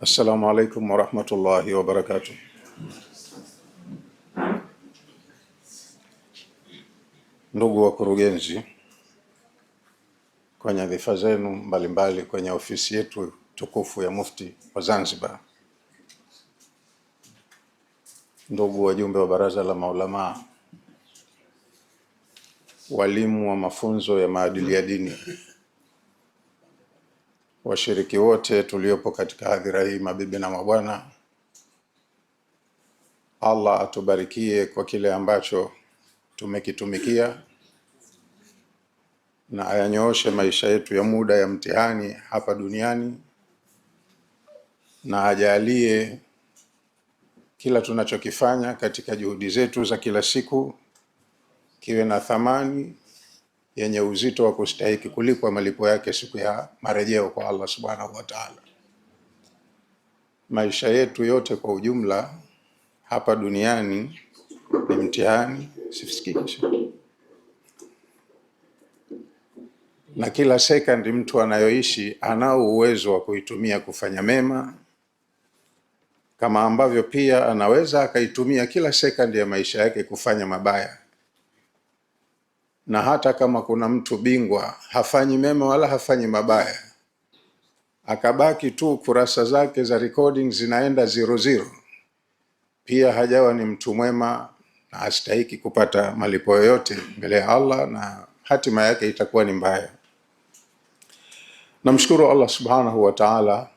Assalamu alaikum warahmatullahi wabarakatuh. Ndugu wakurugenzi kwenye nyadhifa zenu mbalimbali kwenye ofisi yetu tukufu ya Mufti wa Zanzibar, ndugu wajumbe wa baraza la maulamaa, walimu wa mafunzo ya maadili ya dini washiriki wote tuliopo katika hadhira hii, mabibi na mabwana, Allah atubarikie kwa kile ambacho tumekitumikia na ayanyooshe maisha yetu ya muda ya mtihani hapa duniani na ajalie kila tunachokifanya katika juhudi zetu za kila siku kiwe na thamani yenye uzito wa kustahiki kulipwa malipo yake siku ya marejeo kwa Allah subhanahu wa ta'ala. Maisha yetu yote kwa ujumla hapa duniani ni mtihani, sifisikikisha na kila sekondi mtu anayoishi anao uwezo wa kuitumia kufanya mema, kama ambavyo pia anaweza akaitumia kila sekondi ya maisha yake kufanya mabaya na hata kama kuna mtu bingwa hafanyi mema wala hafanyi mabaya, akabaki tu kurasa zake za recording zinaenda zero zero, pia hajawa ni mtu mwema na hastahiki kupata malipo yoyote mbele ya Allah, na hatima yake itakuwa ni mbaya. Namshukuru Allah subhanahu wa ta'ala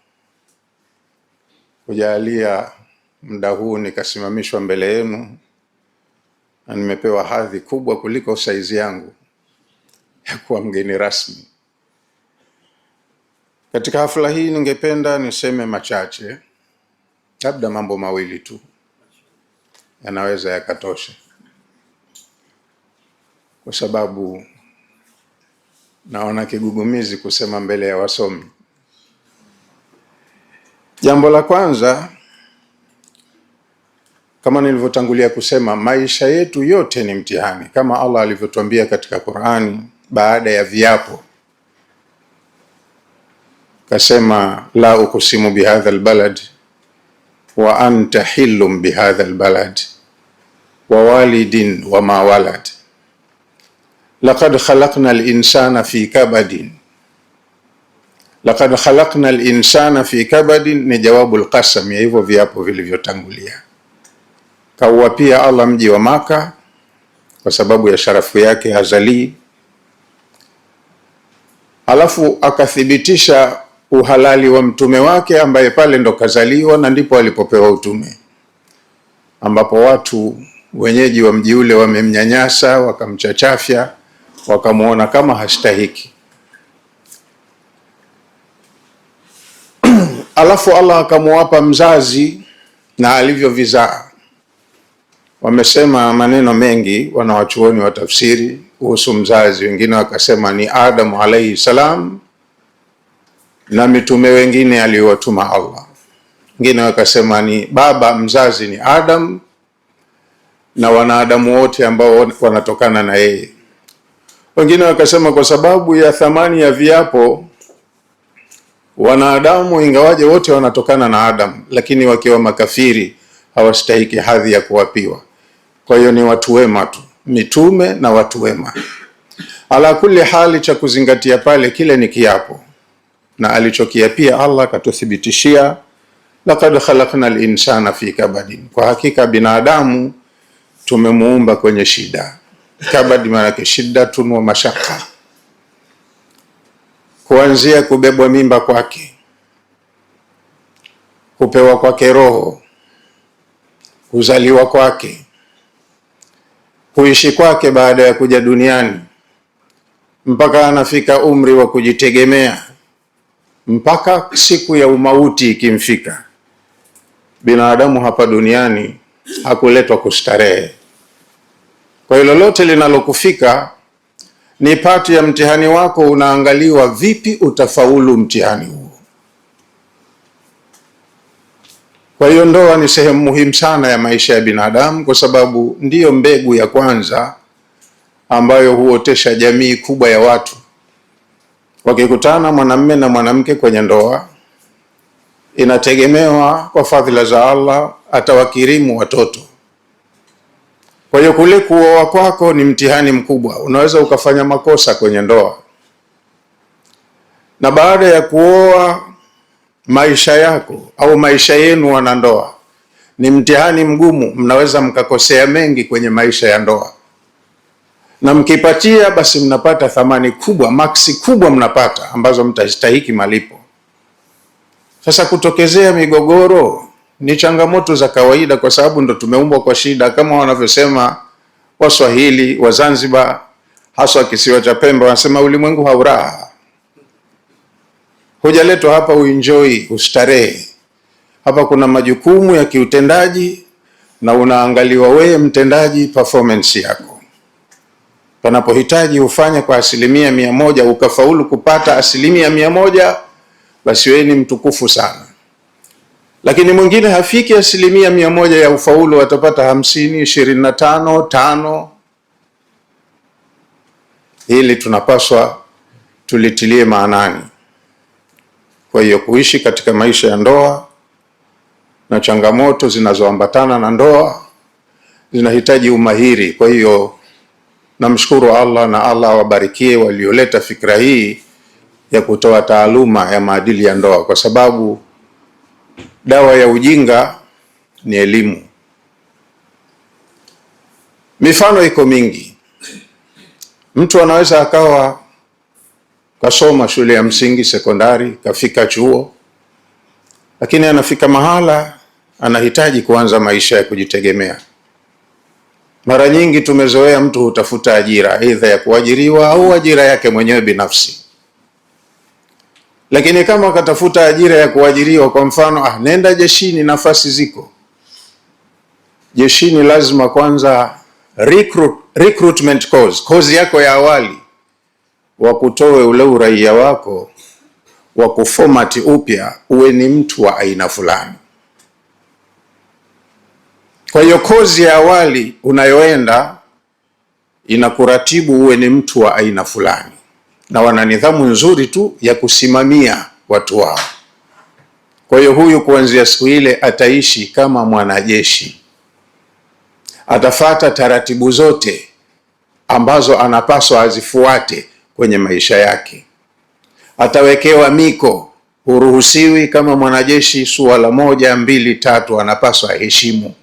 kujalia muda huu nikasimamishwa mbele yenu na nimepewa hadhi kubwa kuliko saizi yangu ya kuwa mgeni rasmi. Katika hafla hii, ningependa niseme machache, labda mambo mawili tu yanaweza yakatosha, kwa sababu naona kigugumizi kusema mbele ya wasomi. Jambo la kwanza kama nilivyotangulia kusema, maisha yetu yote ni mtihani, kama Allah alivyotuambia katika Qur'ani baada ya viapo kasema, la ukusimu bihadha albalad wa anta hillum bihadha albalad wa walidin wa ma walad laqad khalaqna alinsana fi kabadin laqad khalaqna alinsana fi kabadin, ni jawabu alqasam ya hivyo viapo vilivyotangulia. Kauapia Allah mji wa Maka kwa sababu ya sharafu yake azali. Alafu akathibitisha uhalali wa mtume wake ambaye pale ndo kazaliwa na ndipo alipopewa utume, ambapo watu wenyeji wa mji ule wamemnyanyasa, wakamchachafya, wakamwona kama hastahiki. Alafu Allah akamwapa mzazi na alivyovizaa Wamesema maneno mengi wanawachuoni wa tafsiri kuhusu mzazi, wengine wakasema ni Adamu alaihi salam na mitume wengine aliyowatuma Allah, wengine wakasema ni baba mzazi ni Adam na wanadamu wote ambao wanatokana na yeye. Wengine wakasema kwa sababu ya thamani ya viapo wanadamu, ingawaje wote wanatokana na Adam, lakini wakiwa makafiri hawastahiki hadhi ya kuwapiwa. Kwa hiyo ni watu wema tu, mitume na watu wema. Ala kulli hali, cha kuzingatia pale kile ni kiapo, na alichokiapia Allah akatuthibitishia, laqad khalaqnal linsana fi kabadin, kwa hakika binadamu tumemuumba kwenye shida. Kabadi maanake shiddatun wa mashaka, kuanzia kubebwa mimba kwake, kupewa kwake roho, kuzaliwa kwake kuishi kwake baada ya kuja duniani mpaka anafika umri wa kujitegemea mpaka siku ya umauti ikimfika. Binadamu hapa duniani hakuletwa kustarehe. Kwa hiyo lolote linalokufika ni pati ya mtihani wako, unaangaliwa vipi utafaulu mtihani huu. Kwa hiyo ndoa ni sehemu muhimu sana ya maisha ya binadamu, kwa sababu ndiyo mbegu ya kwanza ambayo huotesha jamii kubwa ya watu. Wakikutana mwanamme na mwanamke kwenye ndoa, inategemewa kwa fadhila za Allah atawakirimu watoto. Kwa hiyo kule kuoa kwako ni mtihani mkubwa, unaweza ukafanya makosa kwenye ndoa, na baada ya kuoa maisha yako au maisha yenu wanandoa ni mtihani mgumu, mnaweza mkakosea mengi kwenye maisha ya ndoa, na mkipatia basi mnapata thamani kubwa, maksi kubwa mnapata ambazo mtastahiki malipo. Sasa kutokezea migogoro ni changamoto za kawaida, kwa sababu ndo tumeumbwa kwa shida, kama wanavyosema Waswahili wa Zanzibar, haswa kisiwa cha Pemba, wanasema ulimwengu hauraha Hujaletwa hapa uenjoy ustarehe. Hapa kuna majukumu ya kiutendaji na unaangaliwa wewe mtendaji, performance yako. Panapohitaji ufanye kwa asilimia mia moja, ukafaulu kupata asilimia mia moja, basi wewe ni mtukufu sana. Lakini mwingine hafiki asilimia mia moja ya ufaulu, atapata hamsini, ishirini na tano, tano. Hili tunapaswa tulitilie maanani. Kwa hiyo kuishi katika maisha ya ndoa na changamoto zinazoambatana na ndoa zinahitaji umahiri. Kwa hiyo namshukuru Allah na Allah awabarikie walioleta fikra hii ya kutoa taaluma ya maadili ya ndoa, kwa sababu dawa ya ujinga ni elimu. Mifano iko mingi, mtu anaweza akawa kasoma shule ya msingi, sekondari, kafika chuo, lakini anafika mahala anahitaji kuanza maisha ya kujitegemea. Mara nyingi tumezoea mtu hutafuta ajira aidha ya kuajiriwa au ajira yake mwenyewe binafsi. Lakini kama akatafuta ajira ya kuajiriwa, kwa mfano, ah, nenda jeshini, nafasi ziko jeshini. Lazima kwanza recruit, recruitment course, kozi yako ya awali wakutoe ule uraia wako wa kuformat upya uwe ni mtu wa aina fulani. Kwa hiyo kozi ya awali unayoenda inakuratibu uwe ni mtu wa aina fulani, na wana nidhamu nzuri tu ya kusimamia watu wao. Kwa hiyo huyu kuanzia siku ile ataishi kama mwanajeshi, atafata taratibu zote ambazo anapaswa azifuate kwenye maisha yake. Atawekewa miko, huruhusiwi kama mwanajeshi suala moja, mbili, tatu, anapaswa heshimu,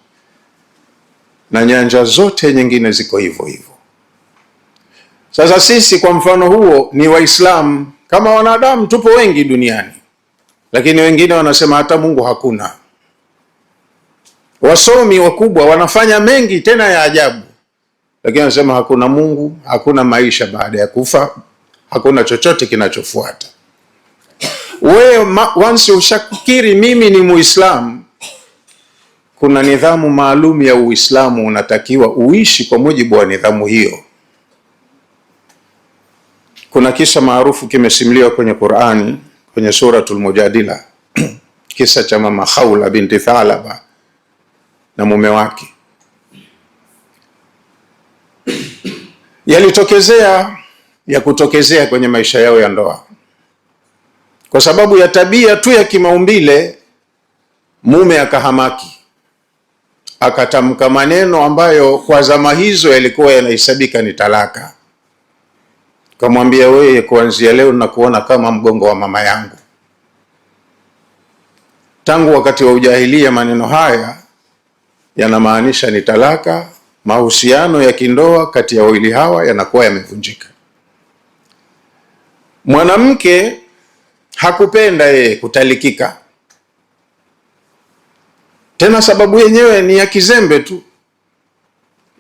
na nyanja zote nyingine ziko hivyo hivyo. Sasa sisi kwa mfano huo ni Waislamu, kama wanadamu tupo wengi duniani, lakini wengine wanasema hata Mungu hakuna. Wasomi wakubwa wanafanya mengi tena ya ajabu lakini anasema hakuna Mungu, hakuna maisha baada ya kufa, hakuna chochote kinachofuata. Wewe once ushakiri mimi ni Muislamu, kuna nidhamu maalum ya Uislamu, unatakiwa uishi kwa mujibu wa nidhamu hiyo. Kuna kisa maarufu kimesimuliwa kwenye Qur'ani kwenye Suratul Mujadila kisa cha mama Khawla binti Thalaba na mume wake yalitokezea ya kutokezea kwenye maisha yao ya ndoa, kwa sababu ya tabia tu ya kimaumbile. Mume akahamaki akatamka maneno ambayo kwa zama hizo yalikuwa yanahesabika ni talaka. Kamwambia, wewe kuanzia leo nakuona kama mgongo wa mama yangu. Tangu wakati wa ujahilia maneno haya yanamaanisha ni talaka mahusiano ya kindoa kati ya wawili hawa yanakuwa yamevunjika. Mwanamke hakupenda yeye kutalikika, tena sababu yenyewe ni ya kizembe tu.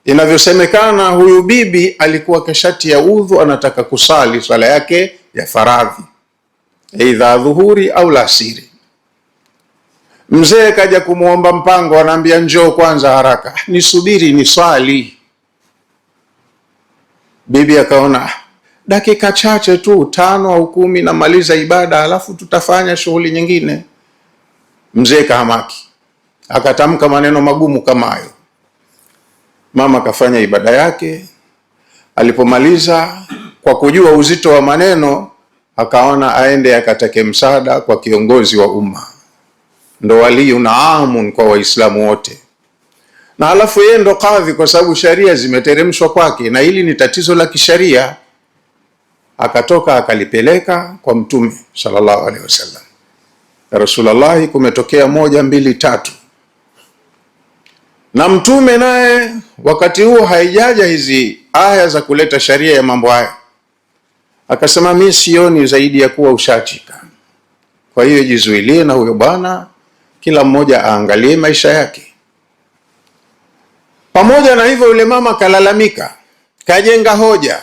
Inavyosemekana, huyu bibi alikuwa kashati ya udhu, anataka kusali swala yake ya faradhi, aidha dhuhuri au lasiri Mzee kaja kumwomba mpango, anaambia njoo kwanza haraka, nisubiri swali Bibi akaona dakika chache tu tano au kumi, namaliza ibada alafu tutafanya shughuli nyingine. Mzee kahamaki akatamka maneno magumu kama hayo. Mama akafanya ibada yake, alipomaliza kwa kujua uzito wa maneno, akaona aende akatake msaada kwa kiongozi wa umma ndo waliyun amun kwa Waislamu wote, na alafu yeye ndo kadhi, kwa sababu sharia zimeteremshwa kwake, na hili ni tatizo la kisharia. Akatoka akalipeleka kwa Mtume sallallahu alaihi wasallam, ya kumetokea moja mbili tatu, na Mtume naye wakati huo haijaja hizi aya za kuleta sharia ya mambo haya, akasema mi sioni zaidi ya kuwa ushatika, kwa hiyo jizuilie na huyo bwana kila mmoja aangalie maisha yake. Pamoja na hivyo, yule mama kalalamika, kajenga hoja,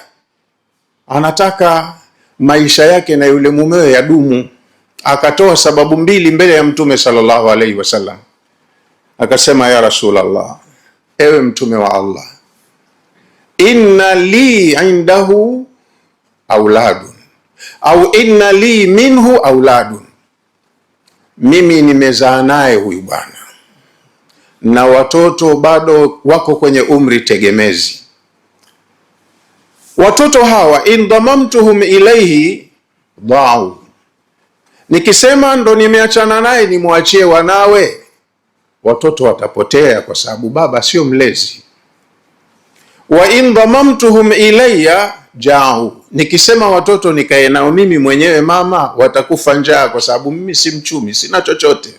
anataka maisha yake na yule mumewe ya dumu Akatoa sababu mbili mbele ya Mtume sallallahu alaihi wasallam, akasema: ya Rasulallah, ewe Mtume wa Allah, inna li indahu auladun au inna li minhu auladun mimi nimezaa naye huyu bwana na watoto bado wako kwenye umri tegemezi. Watoto hawa in dhamamtuhum ilaihi dau, nikisema ndo nimeachana naye nimwachie wanawe, watoto watapotea, kwa sababu baba sio mlezi. Wa in dhamamtuhum ilayya jau nikisema watoto nikae nao mimi mwenyewe mama, watakufa njaa, kwa sababu mimi si mchumi, sina chochote.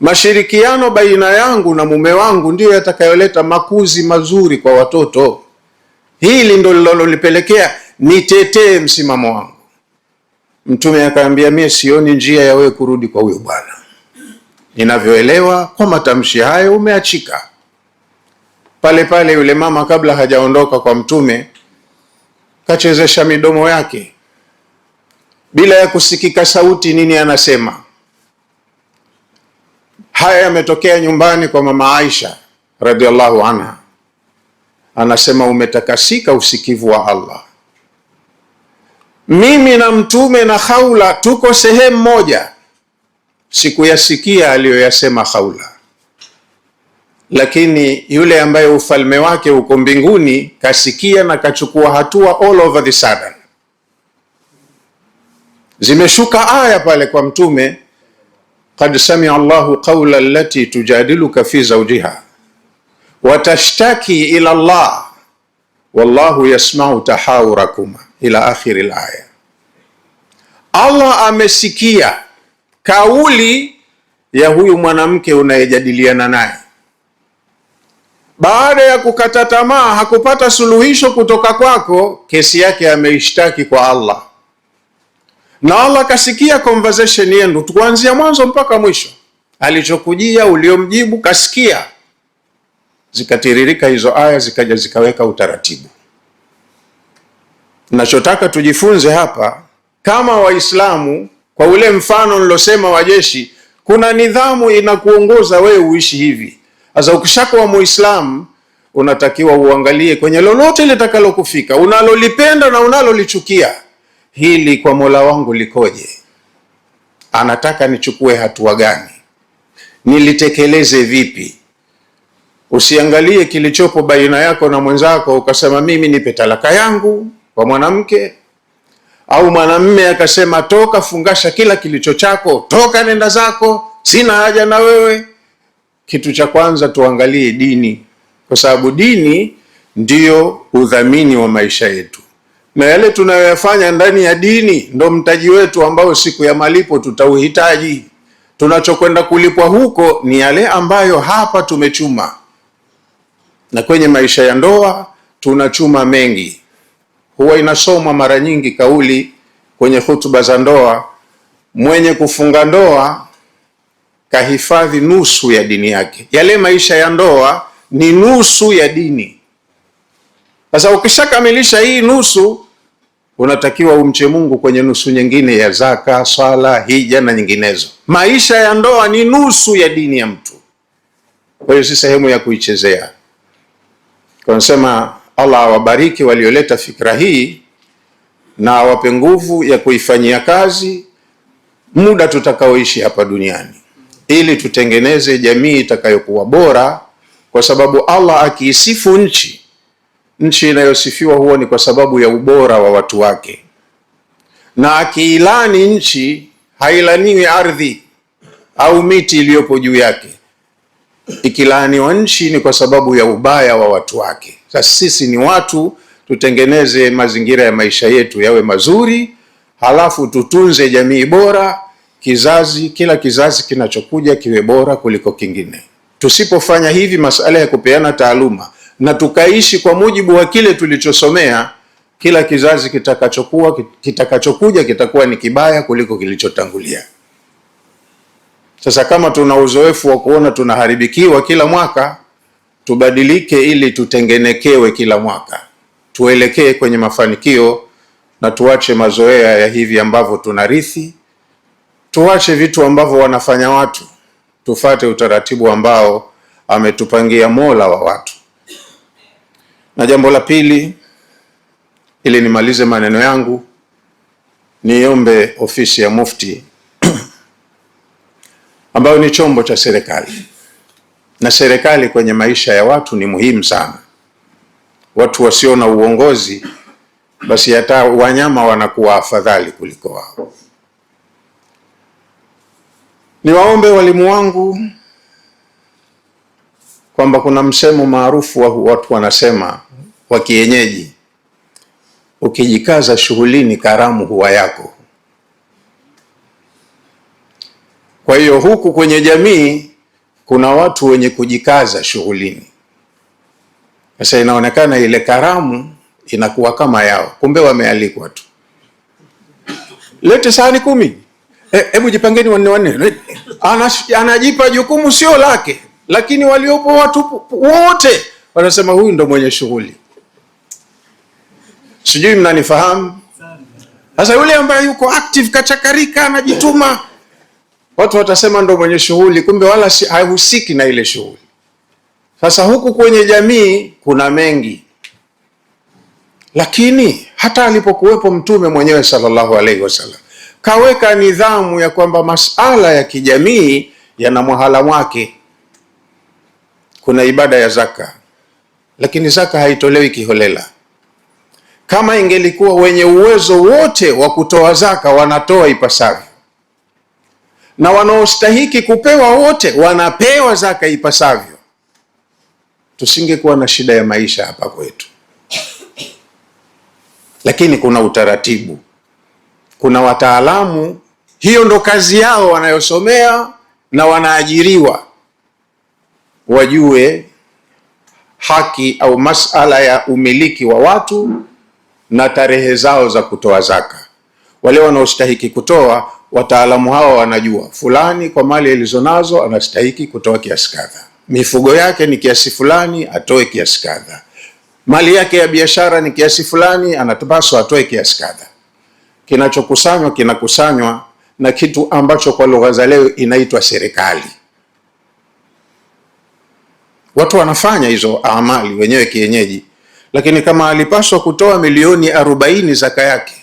Mashirikiano baina yangu na mume wangu ndiyo yatakayoleta makuzi mazuri kwa watoto. Hili ndo lilolonipelekea nitetee msimamo wangu. Mtume akaambia, mie sioni njia ya wewe kurudi kwa huyo bwana. Ninavyoelewa kwa matamshi hayo, umeachika pale pale. Yule mama kabla hajaondoka kwa Mtume kachezesha midomo yake bila ya kusikika sauti, nini anasema. Haya yametokea nyumbani kwa mama Aisha radhiallahu anha, anasema umetakasika usikivu wa Allah. Mimi na mtume na haula tuko sehemu moja, sikuyasikia aliyoyasema haula lakini yule ambaye ufalme wake uko mbinguni kasikia na kachukua hatua all over the sudden. Zimeshuka aya pale kwa Mtume, qad samia Allahu qawla allati tujadiluka fi zawjiha watashtaki ila Allah wallahu yasmau tahawurakuma ila akhiri alaya. Allah amesikia kauli ya huyu mwanamke unayejadiliana naye baada ya kukata tamaa hakupata suluhisho kutoka kwako, kesi yake ameishtaki kwa Allah na Allah kasikia conversation yenu kuanzia mwanzo mpaka mwisho, alichokujia uliomjibu kasikia. Zikatiririka hizo aya zikaja zikaweka utaratibu. Nachotaka tujifunze hapa kama Waislamu, kwa ule mfano nilosema wa jeshi, kuna nidhamu inakuongoza wewe uishi hivi sasa ukishakuwa Muislamu unatakiwa uangalie kwenye lolote litakalokufika, unalolipenda na unalolichukia, hili kwa Mola wangu likoje? Anataka nichukue hatua gani? Nilitekeleze vipi? Usiangalie kilichopo baina yako na mwenzako ukasema mimi nipe talaka yangu kwa mwanamke, au mwanamme akasema toka fungasha kila kilicho chako, toka nenda zako, sina haja na wewe kitu cha kwanza tuangalie dini, kwa sababu dini ndiyo udhamini wa maisha yetu, na yale tunayoyafanya ndani ya dini ndo mtaji wetu ambao siku ya malipo tutauhitaji. Tunachokwenda kulipwa huko ni yale ambayo hapa tumechuma, na kwenye maisha ya ndoa tunachuma mengi. Huwa inasomwa mara nyingi kauli kwenye hutuba za ndoa, mwenye kufunga ndoa kahifadhi nusu ya dini yake. Yale maisha ya ndoa ni nusu ya dini. Sasa ukishakamilisha hii nusu, unatakiwa umche Mungu kwenye nusu nyingine ya zaka, swala, hija na nyinginezo. Maisha ya ndoa ni nusu ya dini ya mtu, kwa hiyo si sehemu ya kuichezea. Tunasema Allah awabariki walioleta fikra hii na awape nguvu ya kuifanyia kazi muda tutakaoishi hapa duniani ili tutengeneze jamii itakayokuwa bora, kwa sababu Allah akiisifu nchi, nchi inayosifiwa huwa ni kwa sababu ya ubora wa watu wake, na akiilani nchi hailaniwi ardhi au miti iliyopo juu yake. Ikilaaniwa nchi ni kwa sababu ya ubaya wa watu wake. Sasa sisi ni watu, tutengeneze mazingira ya maisha yetu yawe mazuri, halafu tutunze jamii bora kizazi, kila kizazi kinachokuja kiwe bora kuliko kingine. Tusipofanya hivi, masala ya kupeana taaluma na tukaishi kwa mujibu wa kile tulichosomea, kila kizazi kitakachokuwa kitakachokuja kitakuwa ni kibaya kuliko kilichotangulia. Sasa kama tuna uzoefu wa kuona tunaharibikiwa kila mwaka, tubadilike ili tutengenekewe kila mwaka, tuelekee kwenye mafanikio na tuache mazoea ya hivi ambavyo tunarithi Tuache vitu ambavyo wanafanya watu, tufate utaratibu ambao ametupangia Mola wa watu. Na jambo la pili, ili nimalize maneno yangu, niombe ofisi ya Mufti ambayo ni chombo cha serikali na serikali kwenye maisha ya watu ni muhimu sana. Watu wasio na uongozi, basi hata wanyama wanakuwa afadhali kuliko wao. Niwaombe walimu wangu kwamba kuna msemo maarufu wa watu wanasema wa kienyeji, ukijikaza shughulini karamu huwa yako. Kwa hiyo huku kwenye jamii kuna watu wenye kujikaza shughulini. Sasa inaonekana ile karamu inakuwa kama yao, kumbe wamealikwa tu. Lete sahani kumi Eh, hebu eh, jipangeni wanne wanne. Anajipa jukumu sio lake, lakini waliopo watu wote wanasema huyu ndo mwenye shughuli. Sijui mnanifahamu? Sasa yule ambaye yuko active kachakarika, anajituma, watu watasema ndo mwenye shughuli, kumbe wala si, haihusiki na ile shughuli. Sasa huku kwenye jamii kuna mengi, lakini hata alipokuwepo mtume mwenyewe sallallahu alaihi wasallam kaweka nidhamu ya kwamba masala ya kijamii yana mwahala wake. Kuna ibada ya zaka, lakini zaka haitolewi kiholela. Kama ingelikuwa wenye uwezo wote wa kutoa zaka wanatoa ipasavyo, na wanaostahiki kupewa wote wanapewa zaka ipasavyo, tusingekuwa na shida ya maisha hapa kwetu. Lakini kuna utaratibu kuna wataalamu, hiyo ndo kazi yao wanayosomea na wanaajiriwa, wajue haki au masala ya umiliki wa watu na tarehe zao za kutoa zaka. Wale wanaostahiki kutoa, wataalamu hawa wanajua fulani kwa mali alizonazo anastahiki kutoa kiasi kadha, mifugo yake ni kiasi fulani, atoe kiasi kadha, mali yake ya biashara ni kiasi fulani, anapaswa atoe kiasi kadha kinachokusanywa kinakusanywa na kitu ambacho kwa lugha za leo inaitwa serikali. Watu wanafanya hizo amali wenyewe kienyeji, lakini kama alipaswa kutoa milioni arobaini zaka yake,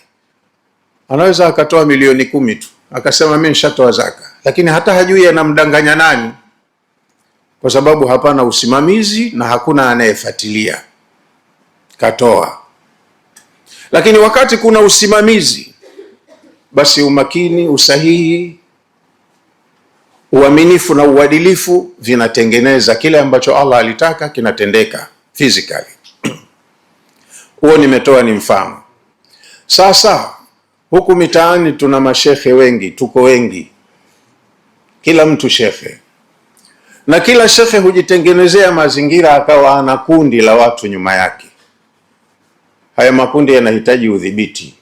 anaweza akatoa milioni kumi tu, akasema mimi nishatoa zaka, lakini hata hajui anamdanganya nani, kwa sababu hapana usimamizi na hakuna anayefuatilia katoa. Lakini wakati kuna usimamizi basi umakini, usahihi, uaminifu na uadilifu vinatengeneza kile ambacho Allah alitaka kinatendeka physically. Huo nimetoa ni mfano. Sasa huku mitaani tuna mashehe wengi, tuko wengi, kila mtu shekhe, na kila shehe hujitengenezea mazingira akawa ana kundi la watu nyuma yake. Haya makundi yanahitaji udhibiti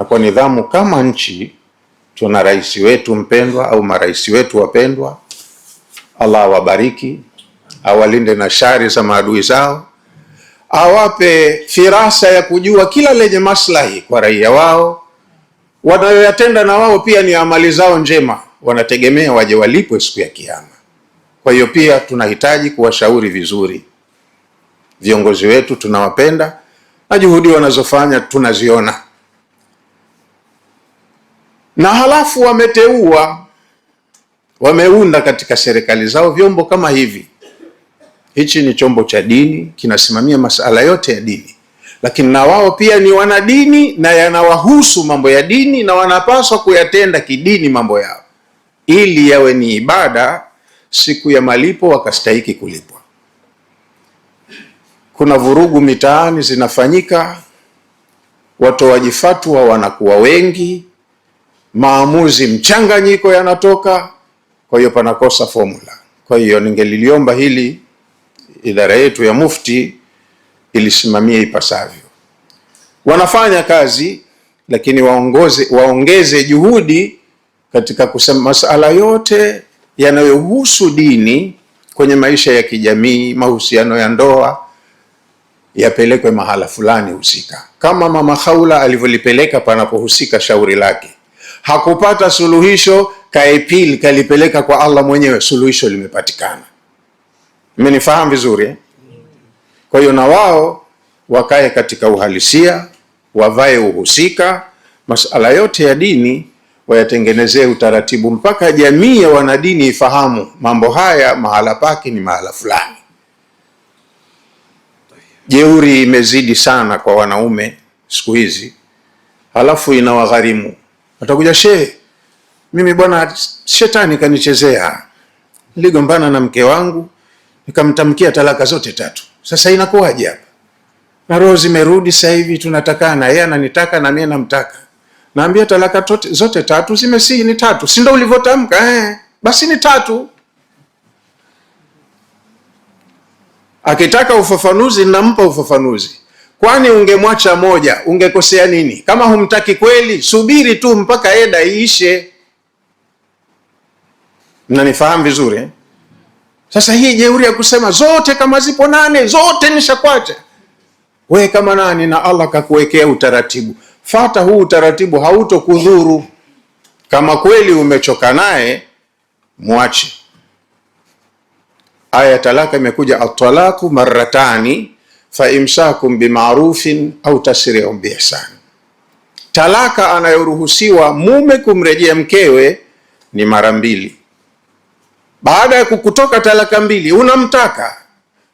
na kwa nidhamu kama nchi tuna rais wetu mpendwa au marais wetu wapendwa. Allah awabariki, awalinde na shari za maadui zao, awape firasa ya kujua kila lenye maslahi kwa raia wao. Wanayoyatenda na wao pia ni amali zao njema, wanategemea waje walipwe siku ya Kiyama. Kwa hiyo pia tunahitaji kuwashauri vizuri viongozi wetu, tunawapenda na juhudi wanazofanya tunaziona na halafu wameteua wameunda katika serikali zao vyombo kama hivi. Hichi ni chombo cha dini, kinasimamia masala yote ya dini, lakini na wao pia ni wanadini na yanawahusu mambo ya dini, na wanapaswa kuyatenda kidini mambo yao ili yawe ni ibada, siku ya malipo wakastahiki kulipwa. Kuna vurugu mitaani zinafanyika, watoaji fatwa wanakuwa wengi maamuzi mchanganyiko yanatoka, kwa hiyo panakosa formula. Kwa hiyo ningeliliomba hili idara yetu ya Mufti ilisimamia ipasavyo. Wanafanya kazi lakini waongoze, waongeze juhudi katika kusema masala yote yanayohusu dini kwenye maisha ya kijamii, mahusiano ya ndoa yapelekwe mahala fulani husika, kama Mama Khawla alivyolipeleka panapohusika shauri lake hakupata suluhisho, kaepili kalipeleka kwa Allah mwenyewe, suluhisho limepatikana. Mmenifahamu vizuri eh? Kwa hiyo na wao wakae katika uhalisia, wavae uhusika, masala yote ya dini wayatengenezee utaratibu, mpaka jamii ya wanadini ifahamu mambo haya mahala pake ni mahala fulani. Jeuri imezidi sana kwa wanaume siku hizi, halafu inawagharimu Watakuja shee mimi bwana, shetani kanichezea, niligombana na mke wangu nikamtamkia talaka zote tatu. Sasa inakuwaje hapa? Na roho zimerudi sasa hivi, tunatakana, yeye ananitaka na mimi namtaka. Naambia talaka tote, zote tatu zimesi, ni tatu, si ndio ulivyotamka? Eh, basi ni tatu. Akitaka ufafanuzi nampa ufafanuzi, Kwani ungemwacha moja, ungekosea nini? Kama humtaki kweli, subiri tu mpaka eda iishe. Mnanifahamu vizuri eh? Sasa hii jeuri ya kusema zote kama zipo nane zote nishakwacha, we kama nani? Na Allah kakuwekea utaratibu, fata huu utaratibu, hautokudhuru. Kama kweli umechoka naye, mwache. Aya ya talaka imekuja, atalaku maratani fa imsakum bimarufin au tasriun biihsani. Talaka anayoruhusiwa mume kumrejea mkewe ni mara mbili. Baada ya kukutoka talaka mbili, unamtaka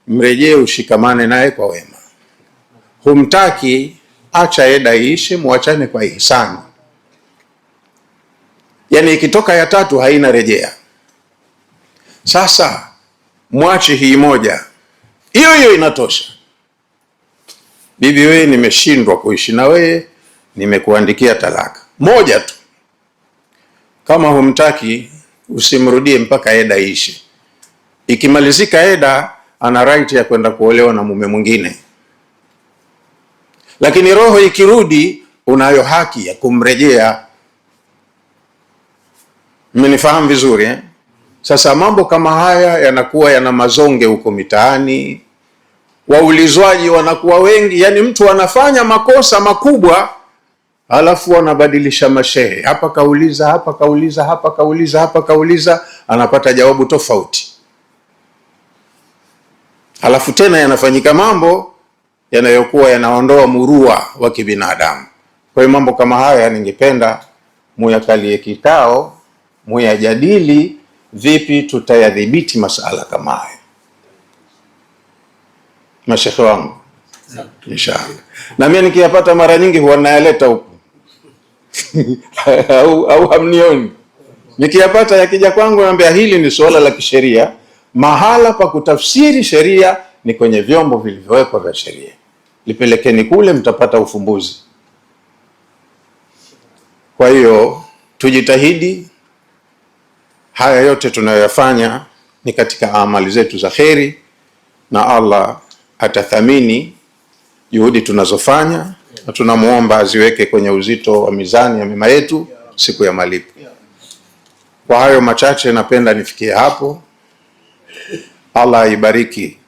mrejee, ushikamane naye kwa wema. Humtaki acha eda iishe, muachane kwa ihsani. Yani ikitoka ya tatu haina rejea. Sasa mwachi hii moja, hiyo hiyo inatosha bibi, wewe nimeshindwa kuishi na wewe, nimekuandikia talaka moja tu. Kama humtaki usimrudie mpaka eda ishi Ikimalizika eda, ana right ya kwenda kuolewa na mume mwingine, lakini roho ikirudi, unayo haki ya kumrejea. Mmenifahamu vizuri eh? Sasa mambo kama haya yanakuwa yana mazonge huko mitaani waulizwaji wanakuwa wengi. Yani mtu anafanya makosa makubwa alafu wanabadilisha mashehe, hapa kauliza, hapa kauliza, hapa kauliza, hapa kauliza, anapata jawabu tofauti. Alafu tena yanafanyika mambo yanayokuwa yanaondoa murua wa kibinadamu. Kwa hiyo mambo kama haya ningependa muyakalie kikao, muyajadili, vipi tutayadhibiti masala kama haya mashekhe wangu inshallah, na mimi nikiyapata mara nyingi huwa nayaleta huku au, au hamnioni nikiyapata yakija kwangu, naambia hili ni suala la kisheria. Mahala pa kutafsiri sheria ni kwenye vyombo vilivyowekwa vya sheria, lipelekeni kule, mtapata ufumbuzi. Kwa hiyo tujitahidi, haya yote tunayoyafanya ni katika amali zetu za kheri, na Allah atathamini juhudi tunazofanya na tunamwomba aziweke kwenye uzito wa mizani ya mema yetu siku ya malipo. Kwa hayo machache, napenda nifikie hapo. Allah aibariki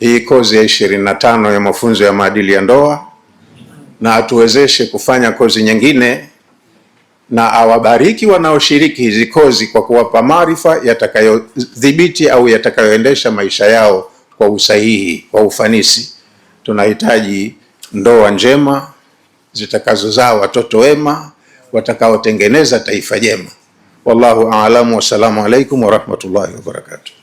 hii kozi ya ishirini na tano ya mafunzo ya maadili ya ndoa na atuwezeshe kufanya kozi nyingine, na awabariki wanaoshiriki hizi kozi kwa kuwapa maarifa yatakayodhibiti au yatakayoendesha maisha yao kwa usahihi, kwa ufanisi. Tunahitaji ndoa njema zitakazozaa watoto wema watakaotengeneza taifa jema. Wallahu a'lamu. Wassalamu alaikum warahmatullahi wabarakatuh.